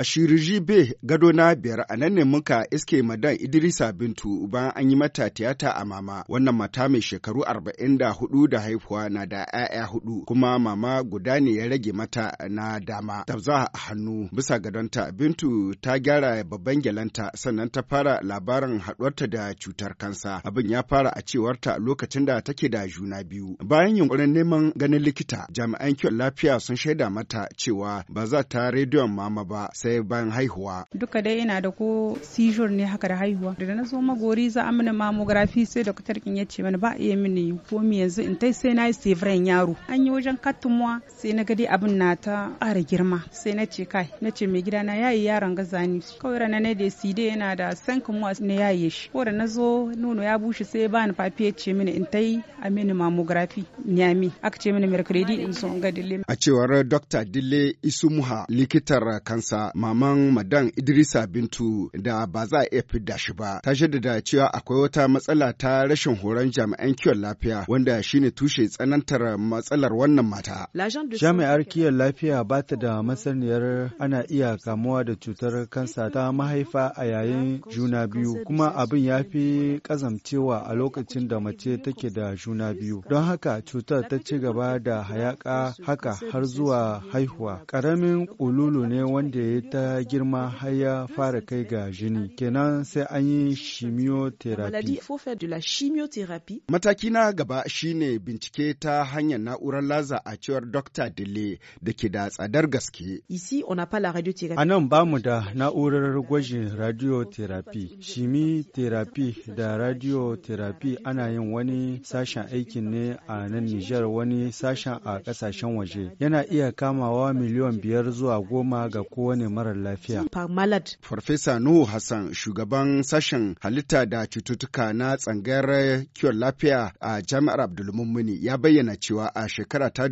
A shiriji be gado na biyar a nan ne muka iske madan Idrisa Bintu bayan an yi mata tiyata a mama. Wannan mata mai shekaru arba'in da hudu da haihuwa na da 'ya'ya hudu kuma mama guda ne ya rage mata na dama. Tabza a hannu bisa gadonta Bintu ta gyara babban gyalanta sannan ta fara labarin haɗuwarta da cutar kansa. Abin ya fara a cewarta lokacin da take da juna biyu. Bayan yunkurin neman ganin likita jami'an kiwon lafiya sun shaida mata cewa ba za ta rediyon mama ba sai sai bayan haihuwa duka dai ina da ko seizure ne haka da haihuwa da na zo magori za a mini mammography sai doktor kin ya ce mana ba iya mini komi yanzu in tai sai na yi sevran yaro an yi wajen katumuwa sai na ga dai abin na ta ƙara girma sai na ce kai na ce mai gidana ya yi yaron gaza ni kawai rana ne da side yana da san kamuwa na yaye shi ko da na zo nono ya bushe sai ba ni fafi ya ce mini in tai a mini mammography nyami aka ce mini mercredi in so ga dille a cewar dr dille isumuha likitar kansa maman madan Idrisa Bintu da ba za a iya fidda shi ba. Ta da cewa akwai wata matsala ta rashin horon jami'an kiwon lafiya wanda shine tushe tsanantar matsalar wannan mata. Jami'ar kiwon lafiya ba ta da masaniyar ana iya kamuwa da cutar kansa ta mahaifa a yayin juna biyu kuma abin ya fi kazamcewa a lokacin da mace take da juna biyu. Don haka cutar ta ci gaba da hayaka haka har zuwa haihuwa. Ƙaramin ƙululu ne wanda ya ta girma har ya fara kai ga jini kenan sai an yi chemotherapy mataki na gaba shine bincike ta hanyar na'urar laza a cewar dr dile da ke da tsadar gaske a nan ba mu da na'urar gwajin radiotherapy chemotherapy da radiotherapy ana yin wani sashen aikin ne a nan nijar wani sashen a kasashen waje yana iya kamawa miliyan biyar zuwa goma ga kowane marar lafiya. Farfesa Nuhu Hassan shugaban sashen halitta da cututtuka na tsangayar kiwon lafiya a jami'ar Abdulmumuni ya bayyana cewa a shekara ta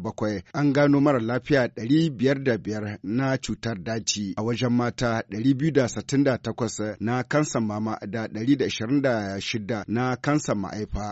bakwai an gano marar lafiya biyar da biyar na cutar daji a wajen mata takwas na kansan mama da shida na kansan ma'aifa.